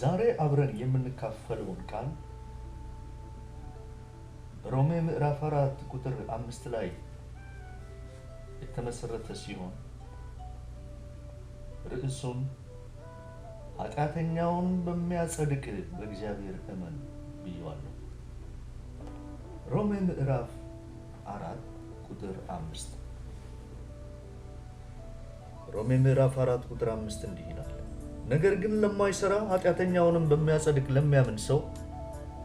ዛሬ አብረን የምንካፈለውን ቃል ሮሜ ምዕራፍ 4 ቁጥር 5 ላይ የተመሰረተ ሲሆን ርዕሱም ኃጢአተኛውን በሚያጸድቅ በእግዚአብሔር እመን ብየዋለሁ። ሮሜ ምዕራፍ 4 ቁጥር 5 ሮሜ ምዕራፍ 4 ቁጥር 5 እንዲህ ይላል ነገር ግን ለማይሰራ ኃጢአተኛውንም በሚያጸድቅ ለሚያምን ሰው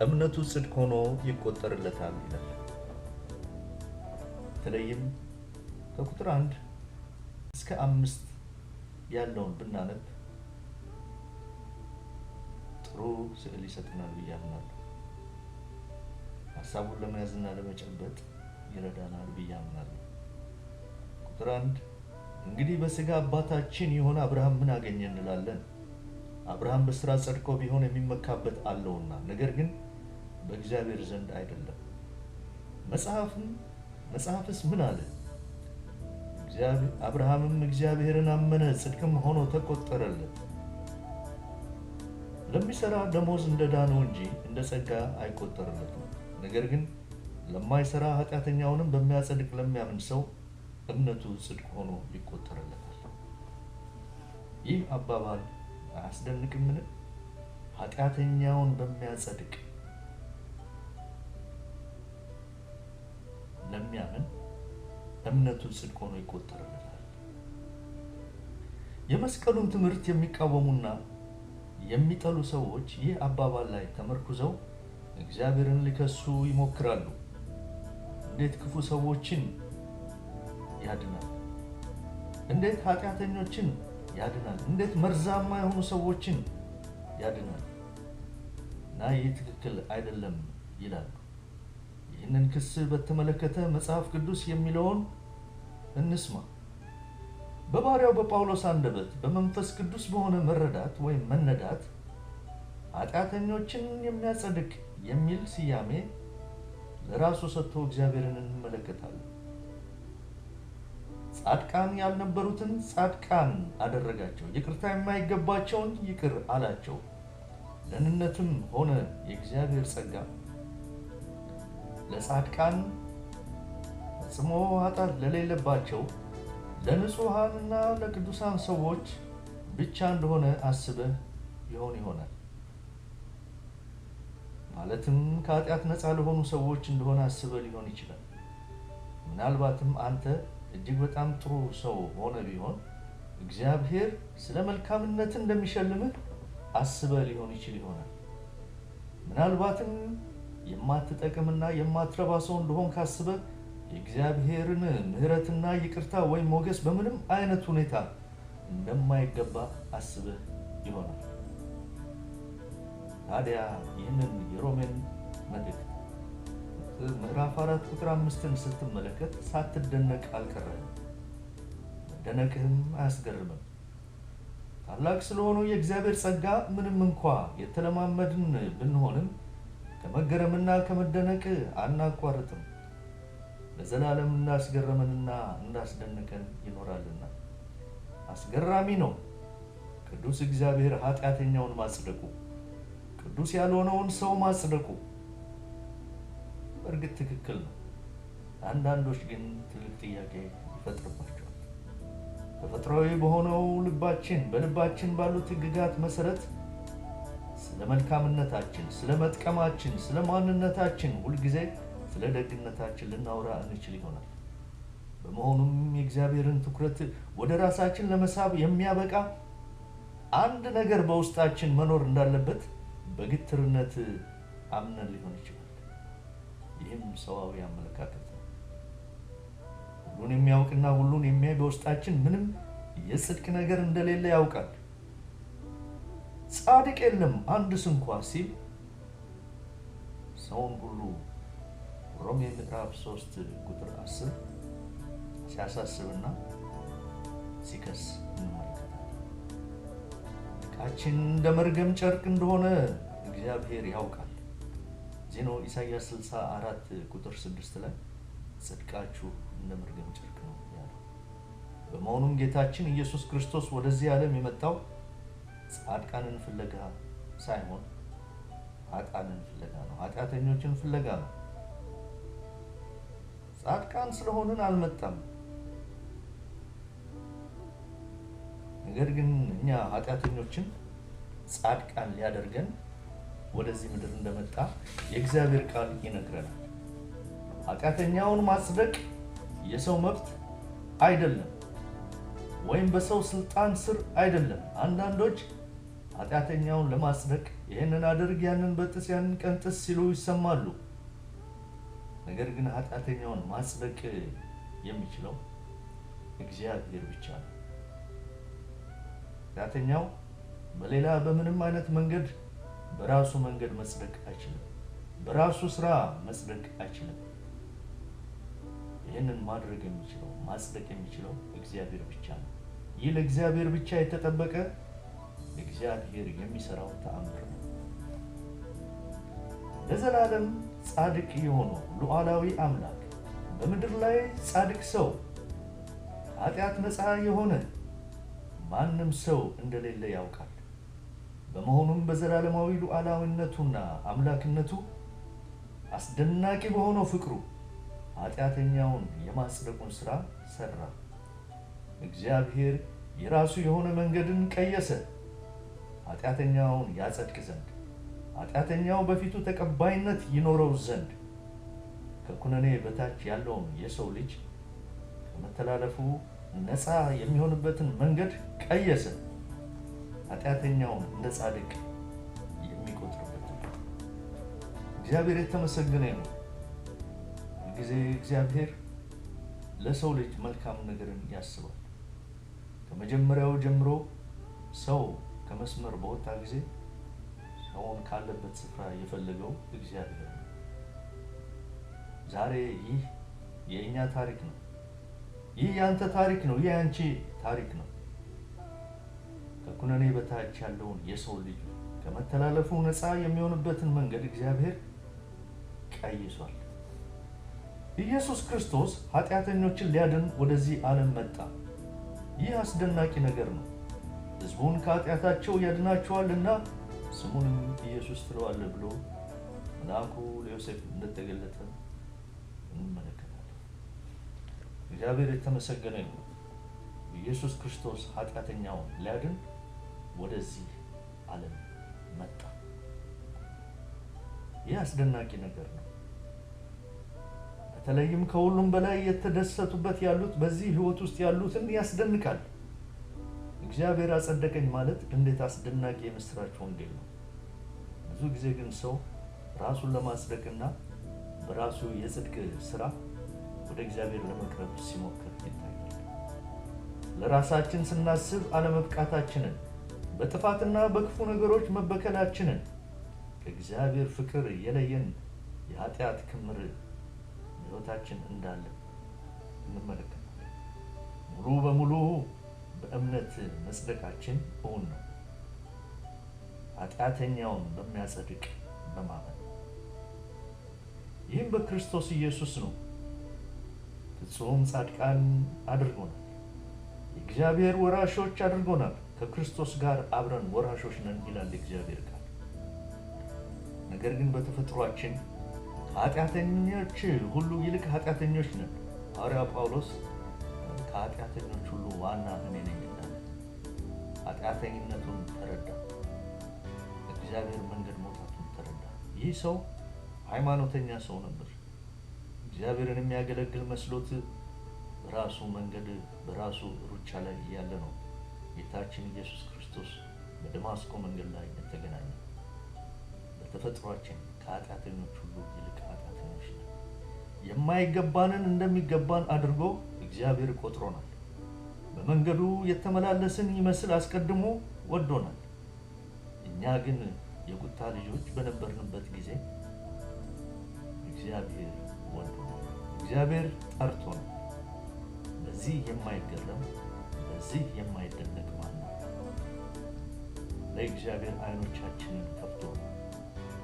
እምነቱ ጽድቅ ሆኖ ይቆጠርለታል ይላል። በተለይም ከቁጥር አንድ እስከ አምስት ያለውን ብናነብ ጥሩ ስዕል ይሰጥናል ብዬ አምናለሁ። ሀሳቡን ለመያዝና ለመጨበጥ ይረዳናል ብዬ አምናለሁ። ቁጥር አንድ እንግዲህ በስጋ አባታችን የሆነ አብርሃም ምን አገኘ እንላለን? አብርሃም በስራ ጸድቆ ቢሆን የሚመካበት አለውና፣ ነገር ግን በእግዚአብሔር ዘንድ አይደለም። መጽሐፍም መጽሐፍስ ምን አለ? አብርሃምም እግዚአብሔርን አመነ፣ ጽድቅም ሆኖ ተቆጠረለት። ለሚሰራ ደሞዝ እንደ ነው እንጂ እንደ ጸጋ አይቆጠርለትም። ነገር ግን ለማይሰራ ኃጢአተኛውንም በሚያጸድቅ ለሚያምን ሰው እምነቱ ጽድቅ ሆኖ ይቆጠርለታል። ይህ አባባል አያስደንቅምን? ኃጢአተኛውን በሚያጸድቅ ለሚያምን እምነቱ ጽድቅ ሆኖ ይቆጠርለታል። የመስቀሉን ትምህርት የሚቃወሙና የሚጠሉ ሰዎች ይህ አባባል ላይ ተመርኩዘው እግዚአብሔርን ሊከሱ ይሞክራሉ። እንዴት ክፉ ሰዎችን ያድናል? እንዴት ኃጢአተኞችን ያድናል። እንዴት መርዛማ የሆኑ ሰዎችን ያድናል። እና ይህ ትክክል አይደለም ይላሉ። ይህንን ክስ በተመለከተ መጽሐፍ ቅዱስ የሚለውን እንስማ። በባሪያው በጳውሎስ አንደበት በመንፈስ ቅዱስ በሆነ መረዳት ወይም መነዳት ኃጢአተኞችን የሚያጸድቅ የሚል ስያሜ ለራሱ ሰጥቶ እግዚአብሔርን እንመለከታለን። ጻድቃን ያልነበሩትን ጻድቃን አደረጋቸው፣ ይቅርታ የማይገባቸውን ይቅር አላቸው። ደህንነትም ሆነ የእግዚአብሔር ጸጋ ለጻድቃን ፈጽሞ ኃጢአት ለሌለባቸው ለንጹሐንና ለቅዱሳን ሰዎች ብቻ እንደሆነ አስበህ ይሆን ይሆናል። ማለትም ከኃጢአት ነፃ ለሆኑ ሰዎች እንደሆነ አስበህ ሊሆን ይችላል። ምናልባትም አንተ እጅግ በጣም ጥሩ ሰው ሆነ ቢሆን እግዚአብሔር ስለ መልካምነት እንደሚሸልምህ አስበ ሊሆን ይችል ይሆናል። ምናልባትም የማትጠቅምና የማትረባ ሰው እንደሆን ካስበ የእግዚአብሔርን ምሕረትና ይቅርታ ወይም ሞገስ በምንም አይነት ሁኔታ እንደማይገባ አስበህ ይሆናል። ታዲያ ይህንን የሮሜን መልእክት ምዕራፍ አራት ቁጥር አምስትን ስትመለከት ሳትደነቅ አልቀረህም፣ መደነቅህም አያስገርምም። ታላቅ ስለሆነው የእግዚአብሔር ጸጋ ምንም እንኳ የተለማመድን ብንሆንም ከመገረምና ከመደነቅ አናቋርጥም። ለዘላለም እንዳስገረመንና እንዳስደነቀን ይኖራልና። አስገራሚ ነው ቅዱስ እግዚአብሔር ኃጢአተኛውን ማጽደቁ፣ ቅዱስ ያልሆነውን ሰው ማጽደቁ እርግጥ ትክክል ነው። አንዳንዶች ግን ትልቅ ጥያቄ ይፈጥርባቸዋል። ተፈጥሯዊ በሆነው ልባችን በልባችን ባሉት ሕግጋት መሰረት ስለ መልካምነታችን፣ ስለ መጥቀማችን፣ ስለ ማንነታችን ሁልጊዜ ስለ ደግነታችን ልናወራ እንችል ይሆናል። በመሆኑም የእግዚአብሔርን ትኩረት ወደ ራሳችን ለመሳብ የሚያበቃ አንድ ነገር በውስጣችን መኖር እንዳለበት በግትርነት አምነን ሊሆን ይችላል። ይህም ሰዋዊ አመለካከት ነው። ሁሉን የሚያውቅና ሁሉን የሚያይ በውስጣችን ምንም የጽድቅ ነገር እንደሌለ ያውቃል። ጻድቅ የለም አንድ ስንኳ ሲል ሰውን ሁሉ ሮሜ ምዕራፍ 3 ቁጥር 10 ሲያሳስብና ሲከስ እንመለከታለን። ቃችን እንደ መርገም ጨርቅ እንደሆነ እግዚአብሔር ያውቃል። ዜናው ነው ኢሳያስ 64 ቁጥር 6 ላይ ጽድቃችሁ እንደ መርገም ጨርቅ ነው ያለው። በመሆኑም ጌታችን ኢየሱስ ክርስቶስ ወደዚህ ዓለም የመጣው ጻድቃንን ፍለጋ ሳይሆን ኃጥአንን ፍለጋ ነው፣ ኃጢአተኞችን ፍለጋ ነው። ጻድቃን ስለሆንን አልመጣም። ነገር ግን እኛ ኃጢአተኞችን ጻድቃን ሊያደርገን ወደዚህ ምድር እንደመጣ የእግዚአብሔር ቃል ይነግረናል። ኃጢአተኛውን ማጽደቅ የሰው መብት አይደለም፣ ወይም በሰው ስልጣን ስር አይደለም። አንዳንዶች ኃጢአተኛውን ለማጽደቅ ይህንን አድርግ፣ ያንን በጥስ፣ ያንን ቀንጥስ ሲሉ ይሰማሉ። ነገር ግን ኃጢአተኛውን ማጽደቅ የሚችለው እግዚአብሔር ብቻ ነው። ኃጢአተኛው በሌላ በምንም አይነት መንገድ በራሱ መንገድ መጽደቅ አይችልም። በራሱ ስራ መጽደቅ አይችልም። ይህንን ማድረግ የሚችለው ማጽደቅ የሚችለው እግዚአብሔር ብቻ ነው። ይህ ለእግዚአብሔር ብቻ የተጠበቀ እግዚአብሔር የሚሰራው ተአምር ነው። ለዘላለም ጻድቅ የሆነው ሉዓላዊ አምላክ በምድር ላይ ጻድቅ ሰው ኃጢአት ነፃ የሆነ ማንም ሰው እንደሌለ ያውቃል። በመሆኑም በዘላለማዊ ሉዓላዊነቱና አምላክነቱ አስደናቂ በሆነው ፍቅሩ ኃጢአተኛውን የማጽደቁን ሥራ ሠራ። እግዚአብሔር የራሱ የሆነ መንገድን ቀየሰ፣ ኃጢአተኛውን ያጸድቅ ዘንድ፣ ኃጢአተኛው በፊቱ ተቀባይነት ይኖረው ዘንድ ከኩነኔ በታች ያለውን የሰው ልጅ ከመተላለፉ ነፃ የሚሆንበትን መንገድ ቀየሰ። ኃጢአተኛውም እንደ ጻድቅ የሚቆጥርበት እግዚአብሔር የተመሰገነ ነው። ጊዜ እግዚአብሔር ለሰው ልጅ መልካም ነገርን ያስባል። ከመጀመሪያው ጀምሮ ሰው ከመስመር በወጣ ጊዜ ሰውን ካለበት ስፍራ የፈለገው እግዚአብሔር ነው። ዛሬ ይህ የእኛ ታሪክ ነው። ይህ የአንተ ታሪክ ነው። ይህ የአንቺ ታሪክ ነው። ከኩነኔ በታች ያለውን የሰው ልጅ ከመተላለፉ ነፃ የሚሆንበትን መንገድ እግዚአብሔር ቀይሷል። ኢየሱስ ክርስቶስ ኃጢአተኞችን ሊያድን ወደዚህ ዓለም መጣ። ይህ አስደናቂ ነገር ነው። ሕዝቡን ከኃጢአታቸው ያድናቸዋልና ስሙንም ኢየሱስ ትለዋለህ ብሎ መልአኩ ለዮሴፍ እንደተገለጠ እንመለከታለን። እግዚአብሔር የተመሰገነ ነው። ኢየሱስ ክርስቶስ ኃጢአተኛውን ሊያድን ወደዚህ ዓለም መጣ። ይህ አስደናቂ ነገር ነው። በተለይም ከሁሉም በላይ የተደሰቱበት ያሉት በዚህ ህይወት ውስጥ ያሉትን ያስደንቃል። እግዚአብሔር አጸደቀኝ ማለት እንዴት አስደናቂ የምስራች ወንጌል ነው። ብዙ ጊዜ ግን ሰው ራሱን ለማጽደቅና በራሱ የጽድቅ ስራ ወደ እግዚአብሔር ለመቅረብ ሲሞክር ይታያል። ለራሳችን ስናስብ አለመብቃታችንን በጥፋትና በክፉ ነገሮች መበከላችንን ከእግዚአብሔር ፍቅር የለየን የኃጢአት ክምር ሕይወታችን እንዳለ እንመለከታለን። ሙሉ በሙሉ በእምነት መጽደቃችን እውን ነው፣ ኃጢአተኛውን በሚያጸድቅ በማመን ይህም በክርስቶስ ኢየሱስ ነው። ፍጹም ጻድቃን አድርጎናል፣ የእግዚአብሔር ወራሾች አድርጎናል። ከክርስቶስ ጋር አብረን ወራሾች ነን ይላል እግዚአብሔር ቃል። ነገር ግን በተፈጥሯችን ኃጢአተኞች ሁሉ ይልቅ ኃጢአተኞች ነን። ሐዋርያ ጳውሎስ ከኃጢአተኞች ሁሉ ዋና እኔ ይላል። ኃጢአተኝነቱን ተረዳ። እግዚአብሔር መንገድ መውጣቱን ተረዳ። ይህ ሰው ሃይማኖተኛ ሰው ነበር። እግዚአብሔርን የሚያገለግል መስሎት በራሱ መንገድ በራሱ ሩጫ ላይ እያለ ነው ጌታችን ኢየሱስ ክርስቶስ በደማስቆ መንገድ ላይ እንደተገናኘ በተፈጥሯችን ከኃጢአተኞች ሁሉ ይልቅ ኃጢአተኞች ነን። የማይገባንን እንደሚገባን አድርጎ እግዚአብሔር ቆጥሮናል። በመንገዱ የተመላለስን ይመስል አስቀድሞ ወዶናል። እኛ ግን የቁጣ ልጆች በነበርንበት ጊዜ እግዚአብሔር ወዶናል። እግዚአብሔር ጠርቶናል። በዚህ የማይገረም በዚህ የማይደነቅ ማን ነው? ለእግዚአብሔር አይኖቻችንን ከፍቶ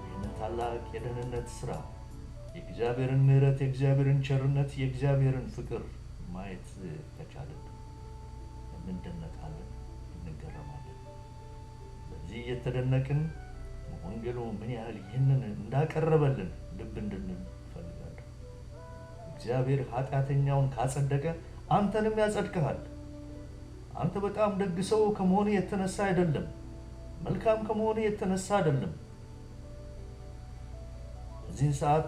ይህንን ታላቅ የደህንነት ስራ የእግዚአብሔርን ምሕረት፣ የእግዚአብሔርን ቸርነት፣ የእግዚአብሔርን ፍቅር ማየት ከቻለን እንደነቃለን፣ እንገረማለን። በዚህ እየተደነቅን ወንጌሉ ምን ያህል ይህንን እንዳቀረበልን ልብ እንድንል እፈልጋለሁ። እግዚአብሔር ኃጢአተኛውን ካጸደቀ አንተንም ያጸድቅሃል። አንተ በጣም ደግ ሰው ከመሆን የተነሳ አይደለም፣ መልካም ከመሆን የተነሳ አይደለም። በዚህን ሰዓት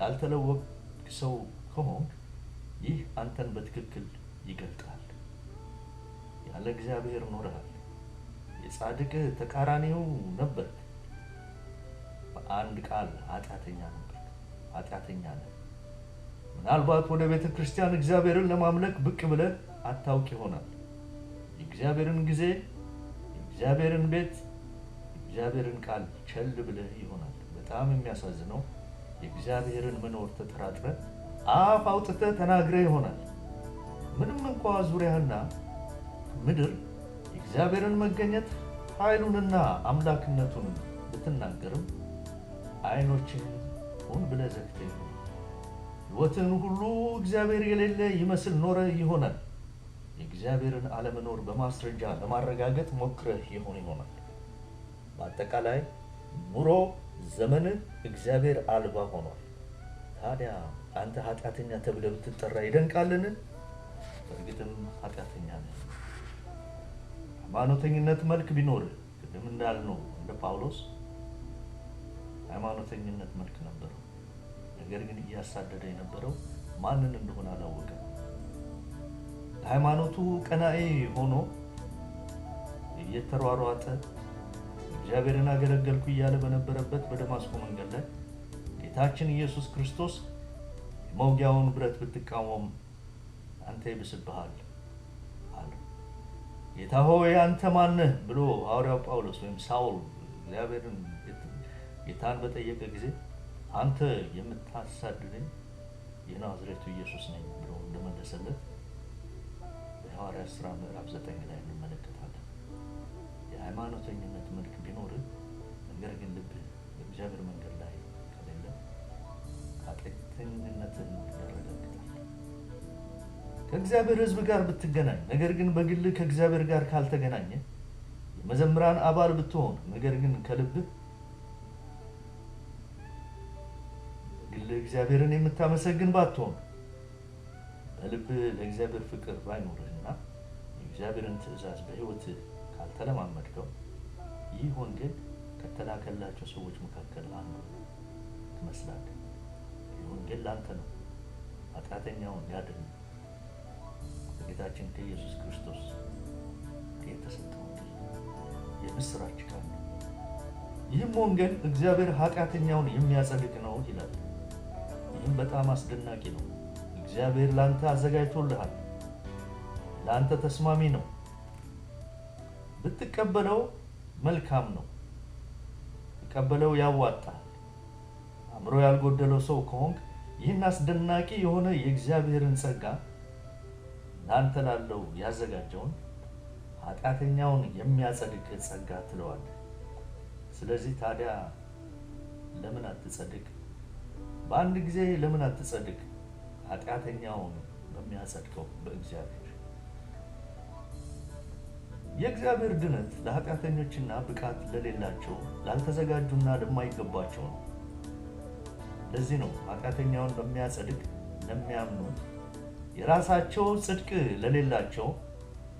ያልተለወቅ ሰው ከሆንክ ይህ አንተን በትክክል ይገልጣል። ያለ እግዚአብሔር ኖረሃል። የጻድቅ ተቃራኒው ነበር። በአንድ ቃል ኃጢአተኛ ነበር፣ ኃጢአተኛ ነህ። ምናልባት ወደ ቤተ ክርስቲያን እግዚአብሔርን ለማምለክ ብቅ ብለህ አታውቅ ይሆናል። የእግዚአብሔርን ጊዜ፣ የእግዚአብሔርን ቤት፣ የእግዚአብሔርን ቃል ቸል ብለህ ይሆናል። በጣም የሚያሳዝነው የእግዚአብሔርን መኖር ተጠራጥረ አፍ አውጥተ ተናግረ ይሆናል። ምንም እንኳ ዙሪያህና ምድር የእግዚአብሔርን መገኘት ኃይሉንና አምላክነቱን ብትናገርም አይኖችን ሁን ብለ ዘግተህ ይሆናል። ሕይወትህን ሁሉ እግዚአብሔር የሌለ ይመስል ኖረ ይሆናል። የእግዚአብሔርን አለመኖር በማስረጃ ለማረጋገጥ ሞክረህ የሆነ ይሆናል። በአጠቃላይ ኑሮ ዘመንህ እግዚአብሔር አልባ ሆኗል። ታዲያ አንተ ኃጢአተኛ ተብለ ብትጠራ ይደንቃልን? በእርግጥም ኃጢአተኛ ነ ሃይማኖተኝነት መልክ ቢኖርህ ቅድም እንዳልነው እንደ ጳውሎስ ሃይማኖተኝነት መልክ ነበረው። ነገር ግን እያሳደደ የነበረው ማንን እንደሆነ አላወቀም። ለሃይማኖቱ ቀናኤ ሆኖ እየተሯሯጠ እግዚአብሔርን አገለገልኩ እያለ በነበረበት በደማስቆ መንገድ ላይ ጌታችን ኢየሱስ ክርስቶስ የመውጊያውን ብረት ብትቃወም አንተ ይብስብሃል አለ። ጌታ ሆይ አንተ ማንህ ብሎ ሐዋርያው ጳውሎስ ወይም ሳውል እግዚአብሔርን ጌታን በጠየቀ ጊዜ አንተ የምታሳድደኝ የናዝሬቱ ኢየሱስ ነኝ ብሎ እንደመለሰለት የሐዋርያ ሥራ ምዕራፍ ዘጠኝ ላይ እንመለከታለን። የሃይማኖተኝነት መልክ ቢኖርህ ነገር ግን ልብ በእግዚአብሔር መንገድ ላይ ከሌለ ኃጢአተኝነትን ያረጋግጣል። ከእግዚአብሔር ሕዝብ ጋር ብትገናኝ ነገር ግን በግልህ ከእግዚአብሔር ጋር ካልተገናኘ የመዘምራን አባል ብትሆን ነገር ግን ከልብህ ግል እግዚአብሔርን የምታመሰግን ባትሆን በልብህ ለእግዚአብሔር ፍቅር ባይኖርህና የእግዚአብሔርን ትእዛዝ በህይወት ካልተለማመድከው ይህ ወንጌል ከተላከላቸው ሰዎች መካከል አንዱ ትመስላለህ። ይህ ወንጌል ለአንተ ነው፣ ኃጢአተኛውን ያድን። ከጌታችን ከኢየሱስ ክርስቶስ የተሰጠው የምስራች ቃል ነው። ይህም ወንጌል እግዚአብሔር ኃጢአተኛውን የሚያጸድቅ ነው ይላል። ይህም በጣም አስደናቂ ነው። እግዚአብሔር ላንተ አዘጋጅቶልሃል። ለአንተ ተስማሚ ነው። ብትቀበለው መልካም ነው። ቀበለው ያዋጣል። አእምሮ ያልጎደለው ሰው ከሆንክ ይህን አስደናቂ የሆነ የእግዚአብሔርን ጸጋ ላንተ ላለው ያዘጋጀውን ኃጢአተኛውን የሚያጸድቅ ጸጋ ትለዋለህ። ስለዚህ ታዲያ ለምን አትጸድቅ? በአንድ ጊዜ ለምን አትጸድቅ? ኃጢአተኛውን በሚያጸድቀው በእግዚአብሔር የእግዚአብሔር ድነት ለኃጢአተኞችና ብቃት ለሌላቸው ላልተዘጋጁና ለማይገባቸው ነው። ለዚህ ነው ኃጢአተኛውን ለሚያጸድቅ ለሚያምኑ የራሳቸው ጽድቅ ለሌላቸው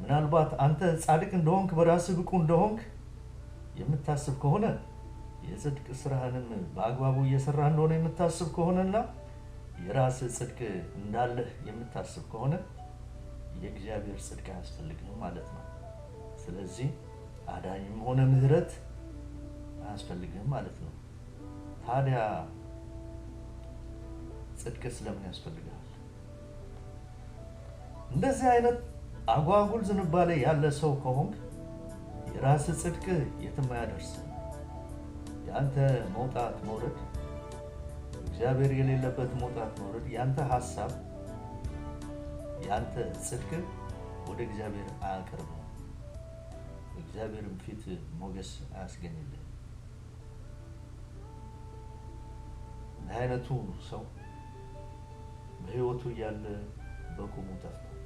ምናልባት አንተ ጻድቅ እንደሆንክ በራስህ ብቁ እንደሆንክ የምታስብ ከሆነ የጽድቅ ስራህንም በአግባቡ እየሰራ እንደሆነ የምታስብ ከሆነና የራስ ጽድቅ እንዳለህ የምታስብ ከሆነ የእግዚአብሔር ጽድቅ አያስፈልግም ማለት ነው። ስለዚህ አዳኝም ሆነ ምሕረት አያስፈልግም ማለት ነው። ታዲያ ጽድቅ ስለምን ያስፈልጋል? እንደዚህ አይነት አጓጉል ዝንባሌ ያለ ሰው ከሆንክ የራስ ጽድቅ የትም አያደርስም። የአንተ መውጣት መውረድ እግዚአብሔር የሌለበት መውጣት መውረድ ያንተ ሀሳብ ያንተ ጽድቅ ወደ እግዚአብሔር አያቀርብ። እግዚአብሔርም ፊት ሞገስ አያስገኝልህም። እንዲህ አይነቱ ሰው በህይወቱ እያለ በቁሙ ጠፍቷል።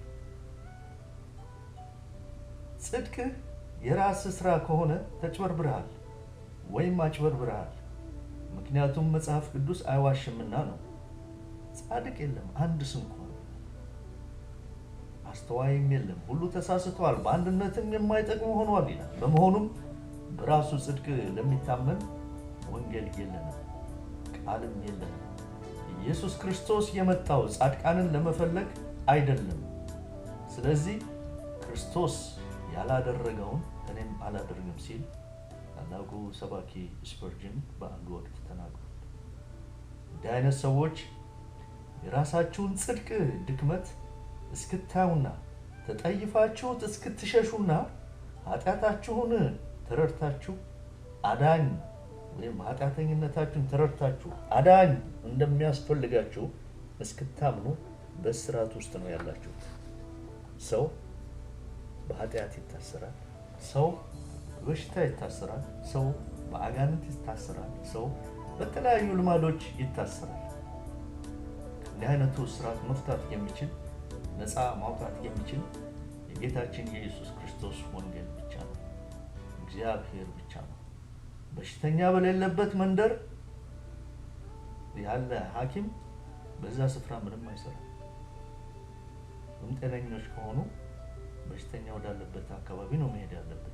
ጽድቅህ የራስህ ስራ ከሆነ ተጭበርብረሃል ወይም አጭበርብረሃል። ምክንያቱም መጽሐፍ ቅዱስ አይዋሽምና ነው። ጻድቅ የለም አንድ ስንኳን አስተዋይም የለም ሁሉ ተሳስተዋል፣ በአንድነትም የማይጠቅሙ ሆኗል ይላል። በመሆኑም በራሱ ጽድቅ ለሚታመን ወንጌል የለንም፣ ቃልም የለንም። ኢየሱስ ክርስቶስ የመጣው ጻድቃንን ለመፈለግ አይደለም። ስለዚህ ክርስቶስ ያላደረገውን እኔም አላደርግም ሲል ታላቁ ሰባኪ ስፐርጅን በአንድ ወቅት ተናግሯል። እንዲህ አይነት ሰዎች የራሳችሁን ጽድቅ ድክመት እስክታዩና ተጠይፋችሁት እስክትሸሹና ኃጢአታችሁን ተረድታችሁ አዳኝ ወይም ኃጢአተኝነታችሁን ተረድታችሁ አዳኝ እንደሚያስፈልጋችሁ እስክታምኑ በስርዓት ውስጥ ነው ያላችሁት። ሰው በኃጢአት ይታሰራል። ሰው በበሽታ ይታሰራል፣ ሰው በአጋንንት ይታሰራል፣ ሰው በተለያዩ ልማዶች ይታሰራል። እንዲህ አይነቱ ስርዓት መፍታት የሚችል ነፃ ማውጣት የሚችል የጌታችን የኢየሱስ ክርስቶስ ወንጌል ብቻ ነው፣ እግዚአብሔር ብቻ ነው። በሽተኛ በሌለበት መንደር ያለ ሐኪም በዛ ስፍራ ምንም አይሰራም። ጤነኞች ከሆኑ በሽተኛ ወዳለበት አካባቢ ነው መሄድ ያለበት።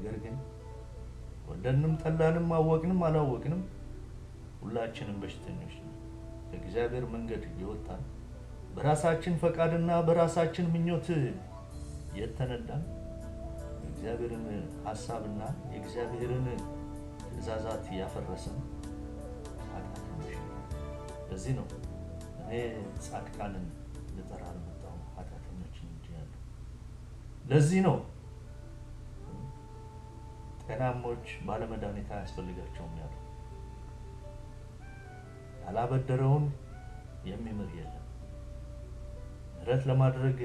ነገር ግን ወደንም ጠላንም አወቅንም አላወቅንም ሁላችንም በሽተኞች ነን። ከእግዚአብሔር መንገድ የወጣን በራሳችን ፈቃድና በራሳችን ምኞት የተነዳን የእግዚአብሔርን ሀሳብና የእግዚአብሔርን ትእዛዛት ያፈረሰን ኃጢአተኞች ነን። ነው እኔ ጻድቃንን ልጠራ አልመጣሁም ኃጢአተኞችን እንጂ ያለው። ለዚህ ነው ጤናሞች ባለመድኃኒት አያስፈልጋቸውም ያሉ ያላበደረውን የሚምር የለም። ምሕረት ለማድረግ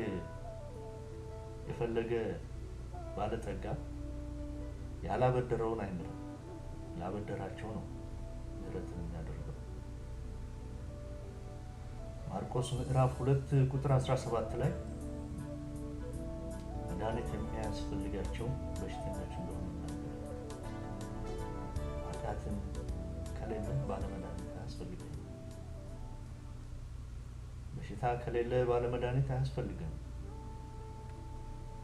የፈለገ ባለጠጋ ያላበደረውን አይምርም። ላበደራቸው ነው ምሕረትን የሚያደርገው። ማርቆስ ምዕራፍ ሁለት ቁጥር 17 ላይ መድኃኒት የሚያስፈልጋቸው በሽተኞች እንደሆኑ መረዳትን ከሌለ ባለመድኃኒት አያስፈልግም። በሽታ ከሌለ ባለመድኃኒት አያስፈልግም።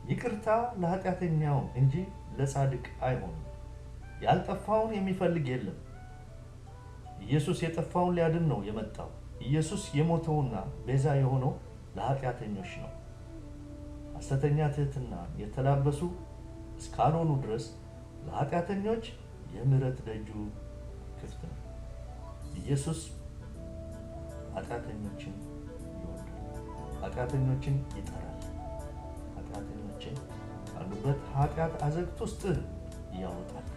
ይቅርታ ለኃጢአተኛውም እንጂ ለጻድቅ አይሆንም። ያልጠፋውን የሚፈልግ የለም። ኢየሱስ የጠፋውን ሊያድን ነው የመጣው። ኢየሱስ የሞተውና ቤዛ የሆነው ለኃጢአተኞች ነው። ሐሰተኛ ትሕትናን የተላበሱ እስካልሆኑ ድረስ ለኃጢአተኞች የምረት ደጁ ክፍት ነው። ኢየሱስ ኃጢአተኞችን ይወዳል፣ ኃጢአተኞችን ይጠራል። ኃጢአተኞችን ካሉበት ኃጢአት አዘግት ውስጥ ያወጣል።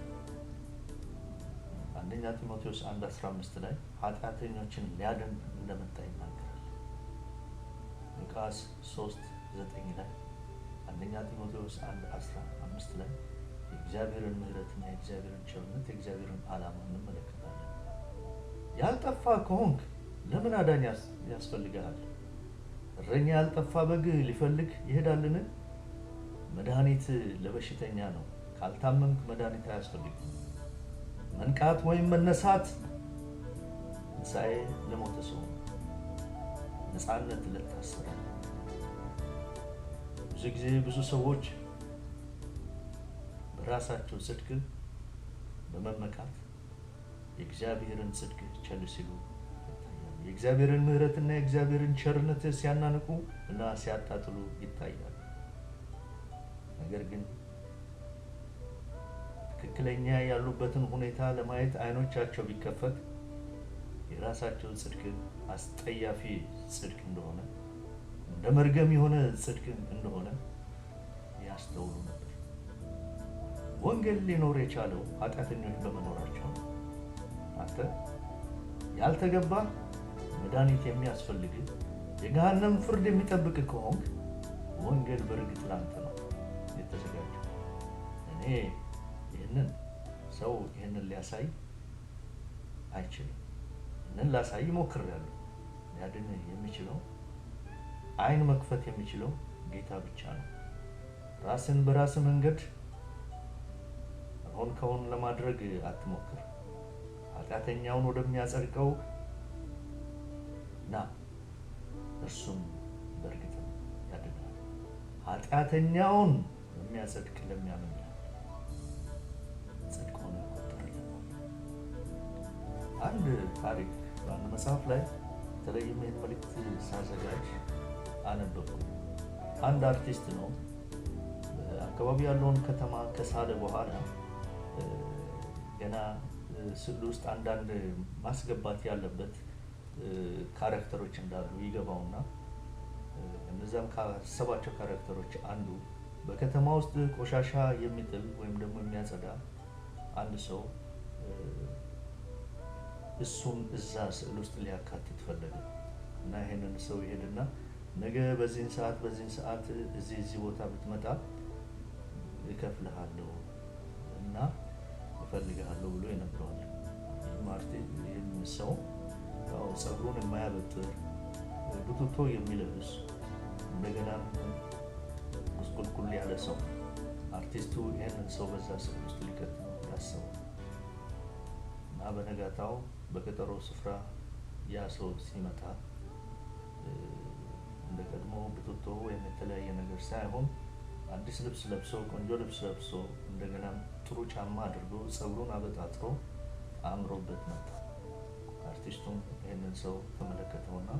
አንደኛ ጢሞቴዎስ 1 15 ላይ ኃጢአተኞችን ሊያድን እንደመጣ ይናገራል። ሉቃስ 3 9 ላይ አንደኛ ጢሞቴዎስ 1 15 ላይ የእግዚአብሔርን ምህረትና የእግዚአብሔርን ቸርነት የእግዚአብሔርን ዓላማ እንመለከታለን። ያልጠፋ ከሆንክ ለምን አዳኝ ያስፈልግሃል? እረኛ ያልጠፋ በግ ሊፈልግ ይሄዳልን? መድኃኒት ለበሽተኛ ነው። ካልታመምክ መድኃኒት አያስፈልግም። መንቃት ወይም መነሳት ትንሣኤ ለሞተ ሰው፣ ነፃነት ለታሰረ። ብዙ ጊዜ ብዙ ሰዎች ራሳቸው ጽድቅ በመመካት የእግዚአብሔርን ጽድቅ ቸል ሲሉ ይታያሉ። የእግዚአብሔርን ምሕረትና የእግዚአብሔርን ቸርነት ሲያናንቁ እና ሲያጣጥሉ ይታያሉ። ነገር ግን ትክክለኛ ያሉበትን ሁኔታ ለማየት አይኖቻቸው ቢከፈት የራሳቸው ጽድቅ አስጠያፊ ጽድቅ እንደሆነ እንደ መርገም የሆነ ጽድቅ እንደሆነ ያስተውሉ ነበር። ወንጌል ሊኖር የቻለው ኃጢአተኞች በመኖራቸው ነው። አንተ ያልተገባ መድኃኒት የሚያስፈልግ የገሃነም ፍርድ የሚጠብቅ ከሆንክ ወንጌል በእርግጥ ላንተ ነው የተዘጋጀው። እኔ ይህንን ሰው ይህንን ሊያሳይ አይችልም። ይህንን ላሳይ ሞክሬያለሁ። ሊያድን የሚችለው አይን መክፈት የሚችለው ጌታ ብቻ ነው። ራስን በራስ መንገድ ሆን ከሆን ለማድረግ አትሞክር። ኃጢአተኛውን ወደሚያጸድቀው ና፣ እርሱም በእርግጥም ያድናል። ኃጢአተኛውን የሚያጸድቅ ለሚያምን ጽድቅ ሆኖ ይቆጠርለታል። አንድ ታሪክ በአንድ መጽሐፍ ላይ በተለይም ይህን መልእክት ሳዘጋጅ አነበብኩ። አንድ አርቲስት ነው አካባቢ ያለውን ከተማ ከሳለ በኋላ ገና ስዕሉ ውስጥ አንዳንድ ማስገባት ያለበት ካራክተሮች እንዳሉ ይገባውና እነዚያም ካሰባቸው ካራክተሮች አንዱ በከተማ ውስጥ ቆሻሻ የሚጥል ወይም ደግሞ የሚያጸዳ አንድ ሰው እሱም እዛ ስዕል ውስጥ ሊያካትት ፈለገ እና ይህንን ሰው ይሄድና ነገ በዚህን ሰዓት በዚህን ሰዓት እዚህ እዚህ ቦታ ብትመጣ እከፍልሃለሁ እና እፈልግሃለሁ ብሎ የነበረው ማርቲን ይህም ሰው ያው ጸጉሩን የማያበጥር ቡትቶ የሚለብስ እንደገና ቁልቁል ያለ ሰው አርቲስቱ ይህንን ሰው በዛ ስዕል ውስጥ ሊከት ያሰቡ እና በነጋታው በቀጠሮ ስፍራ ያ ሰው ሲመጣ እንደ ቀድሞ ቡትቶ ወይም የተለያየ ነገር ሳይሆን አዲስ ልብስ ለብሶ ቆንጆ ልብስ ለብሶ እንደገና ጥሩ ጫማ አድርጎ ጸጉሩን አበጣጥሮ አእምሮበት መጣ። አርቲስቱም ይህንን ሰው ተመለከተውና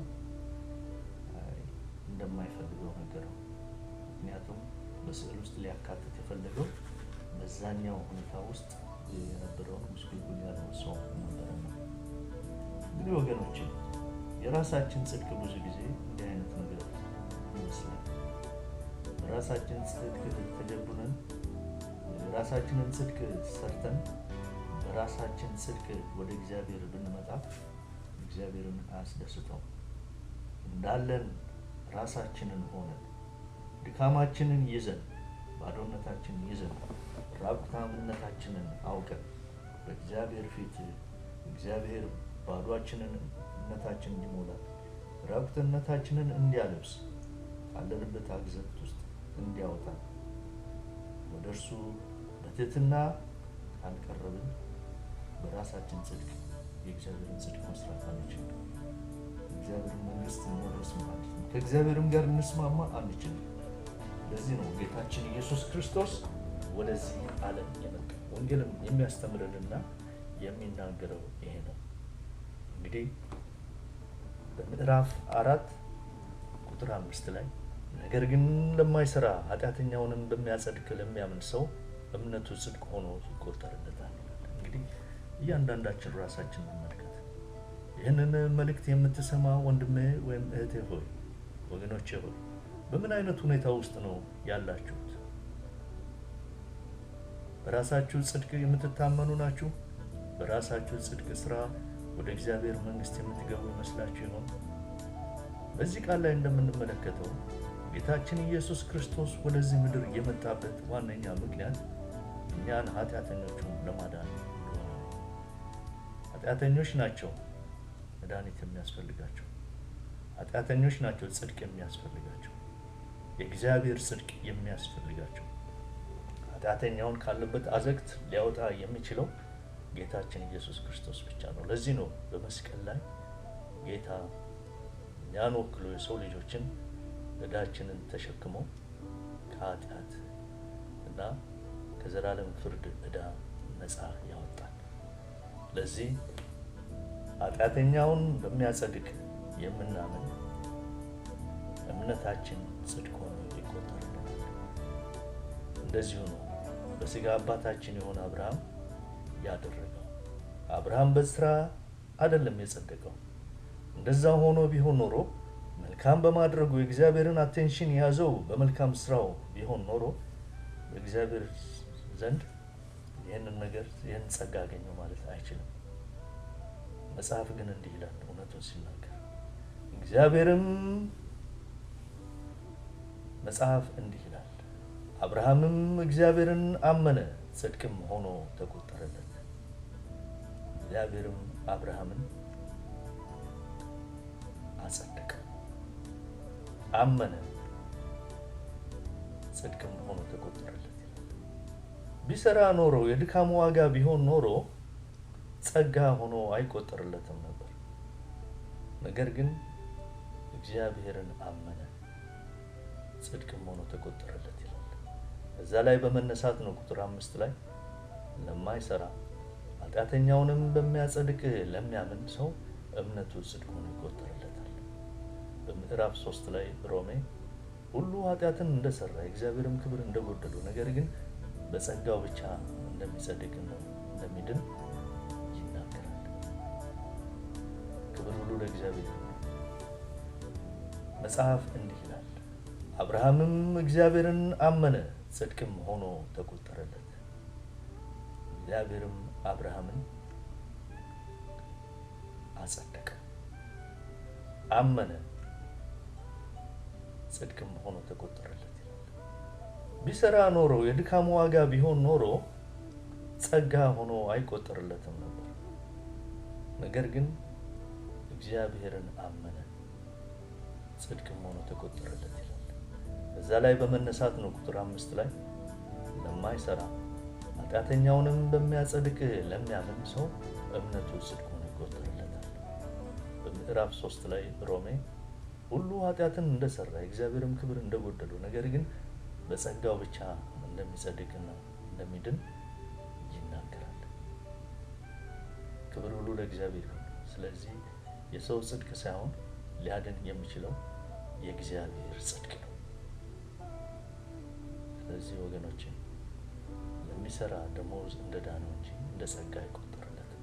እንደማይፈልገው ነገረው። ምክንያቱም በስዕል ውስጥ ሊያካትት የፈለገው በዛኛው ሁኔታ ውስጥ የነበረውን ምስጉልጉል ያለው ሰው ነበረና እንግዲህ ወገኖችን የራሳችን ጽድቅ ብዙ ጊዜ እንዲህ አይነት ነገር ይመስላል። ራሳችን ጽድቅ ተደቡነን ራሳችንን ጽድቅ ሰርተን በራሳችን ጽድቅ ወደ እግዚአብሔር ብንመጣ እግዚአብሔርን አያስደስተው። እንዳለን ራሳችንን ሆነን ድካማችንን ይዘን ባዶነታችን ይዘን ራቁታምነታችንን አውቀን በእግዚአብሔር ፊት እግዚአብሔር ባዷችንን እነታችን እንዲሞላ ራቁትነታችንን እንዲያለብስ ካለንበት አግዘብት ውስጥ እንዲያወጣ ወደ እርሱ በትህትና ካልቀረብን በራሳችን ጽድቅ የእግዚአብሔርን ጽድቅ መስራት አንችል እግዚአብሔር መንግስት መድረስ ከእግዚአብሔርም ጋር እንስማማ አንችልም። ለዚህ ነው ጌታችን ኢየሱስ ክርስቶስ ወደዚህ ዓለም የመጣ። ወንጌልም የሚያስተምርንና የሚናገረው ይሄ ነው። እንግዲህ በምዕራፍ አራት ቁጥር አምስት ላይ ነገር ግን ለማይሰራ ኃጢአተኛውንም በሚያጸድቅ ለሚያምን ሰው እምነቱ ጽድቅ ሆኖ ይቆጠርለታል። እንግዲህ እያንዳንዳችን ራሳችን መመልከት ይህንን መልእክት የምትሰማ ወንድሜ ወይም እህቴ ሆይ፣ ወገኖቼ ሆይ በምን አይነት ሁኔታ ውስጥ ነው ያላችሁት? በራሳችሁ ጽድቅ የምትታመኑ ናችሁ? በራሳችሁ ጽድቅ ስራ ወደ እግዚአብሔር መንግስት የምትገቡ ይመስላችሁ ይሆን? በዚህ ቃል ላይ እንደምንመለከተው ጌታችን ኢየሱስ ክርስቶስ ወደዚህ ምድር የመጣበት ዋነኛ ምክንያት እኛን ኃጢአተኞቹን ለማዳን እንደሆነ ኃጢአተኞች ናቸው መድኃኒት የሚያስፈልጋቸው፣ ኃጢአተኞች ናቸው ጽድቅ የሚያስፈልጋቸው፣ የእግዚአብሔር ጽድቅ የሚያስፈልጋቸው። ኃጢአተኛውን ካለበት አዘግት ሊያወጣ የሚችለው ጌታችን ኢየሱስ ክርስቶስ ብቻ ነው። ለዚህ ነው በመስቀል ላይ ጌታ እኛን ወክሎ የሰው ልጆችን እዳችንን ተሸክሞ ከኃጢአት እና ከዘላለም ፍርድ እዳ ነፃ ያወጣል። ለዚህ ኃጢአተኛውን በሚያጸድቅ የምናምን እምነታችን ጽድቅ ሆኖ ይቆጠርልናል። እንደዚሁ ነው በሥጋ አባታችን የሆነ አብርሃም ያደረገው። አብርሃም በስራ አይደለም የጸደቀው። እንደዛ ሆኖ ቢሆን ኖሮ መልካም በማድረጉ የእግዚአብሔርን አቴንሽን የያዘው በመልካም ስራው ቢሆን ኖሮ በእግዚአብሔር ዘንድ ይህንን ነገር ይህን ጸጋ አገኘው ማለት አይችልም። መጽሐፍ ግን እንዲህ ይላል እውነቱን ሲናገር እግዚአብሔርም መጽሐፍ እንዲህ ይላል አብርሃምም እግዚአብሔርን አመነ ጽድቅም ሆኖ ተቆጠረለት። እግዚአብሔርም አብርሃምን አጸደቀ። አመነ፣ ጽድቅም ሆኖ ተቆጠረለት። ቢሰራ ኖሮ የድካሙ ዋጋ ቢሆን ኖሮ ጸጋ ሆኖ አይቆጠርለትም ነበር። ነገር ግን እግዚአብሔርን አመነ፣ ጽድቅም ሆኖ ተቆጠረለት ይላል። እዛ ላይ በመነሳት ነው ቁጥር አምስት ላይ ለማይሰራ ኃጢአተኛውንም በሚያጸድቅ ለሚያምን ሰው እምነቱ ጽድቅ ሆኖ ይቆጠራል። በምዕራፍ ሶስት ላይ ሮሜ ሁሉ ኃጢአትን እንደሰራ የእግዚአብሔርም ክብር እንደጎደሉ ነገር ግን በጸጋው ብቻ እንደሚጸድቅ እንደሚድን ይናገራል። ክብር ሁሉ ለእግዚአብሔር። መጽሐፍ እንዲህ ይላል፣ አብርሃምም እግዚአብሔርን አመነ ጽድቅም ሆኖ ተቆጠረለት። እግዚአብሔርም አብርሃምን አጸደቀ፣ አመነ ጽድቅም ሆኖ ተቆጠረለት ይላል። ቢሰራ ኖሮ የድካሙ ዋጋ ቢሆን ኖሮ ጸጋ ሆኖ አይቆጠርለትም ነበር። ነገር ግን እግዚአብሔርን አመነ ጽድቅም ሆኖ ተቆጠረለት ይላል። እዛ ላይ በመነሳት ነው ቁጥር አምስት ላይ ለማይሰራ ኃጢአተኛውንም በሚያጸድቅ ለሚያምን ሰው እምነቱ ጽድቅ ሆኖ ይቆጠርለታል። በምዕራፍ ሶስት ላይ ሮሜ ሁሉ ኃጢአትን እንደሰራ የእግዚአብሔርም ክብር እንደጎደለው ነገር ግን በጸጋው ብቻ እንደሚጸድቅና እንደሚድን ይናገራል። ክብር ሁሉ ለእግዚአብሔር ይሁን። ስለዚህ የሰው ጽድቅ ሳይሆን ሊያድን የሚችለው የእግዚአብሔር ጽድቅ ነው። ስለዚህ ወገኖችን ለሚሰራ ደሞዝ እንደ ዳነው እንጂ እንደ ጸጋ አይቆጠርለትም።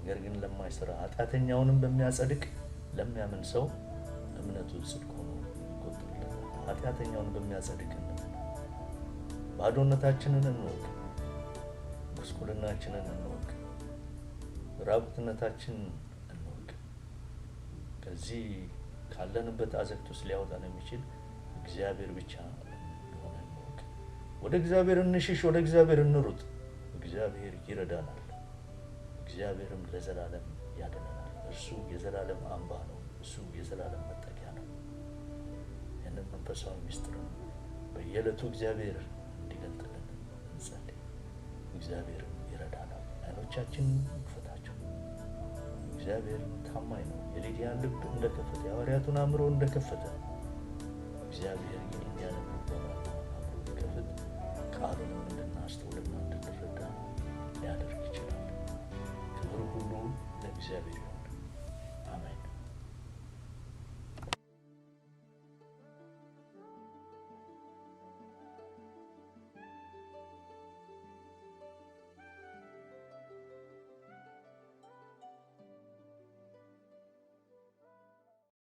ነገር ግን ለማይሰራ ኃጢአተኛውንም በሚያጸድቅ ለሚያምን ሰው እምነቱ ጽድቅ ሆኖ ይቆጠርለታል፣ ኃጢአተኛውን በሚያጸድቅልን። ባዶነታችንን እንወቅ፣ ጉስቁልናችንን እንወቅ፣ ራቁትነታችንን እንወቅ። ከዚህ ካለንበት አዘቅት ውስጥ ሊያወጣን የሚችል እግዚአብሔር ብቻ እንደሆነ እንወቅ። ወደ እግዚአብሔር እንሽሽ፣ ወደ እግዚአብሔር እንሩጥ። እግዚአብሔር ይረዳናል፣ እግዚአብሔርም ለዘላለም ያድነናል። እርሱ የዘላለም አምባ ነው። እሱ የዘላለም መጠ ያንን መንፈሳዊ ሚስጥር በየዕለቱ እግዚአብሔር እንዲገልጥልን እንጸልይ። እግዚአብሔር ይረዳናል። አይኖቻችን ይክፈታቸው። እግዚአብሔር ታማኝ ነው። የሊዲያን ልብ እንደከፈተ የሐዋርያቱን አእምሮ እንደከፈተ እግዚአብሔር አእምሮ ቃሉን እንድናስተውልና እንድንረዳ ሊያደርግ ይችላል። ክብር ሁሉ ለእግዚአብሔር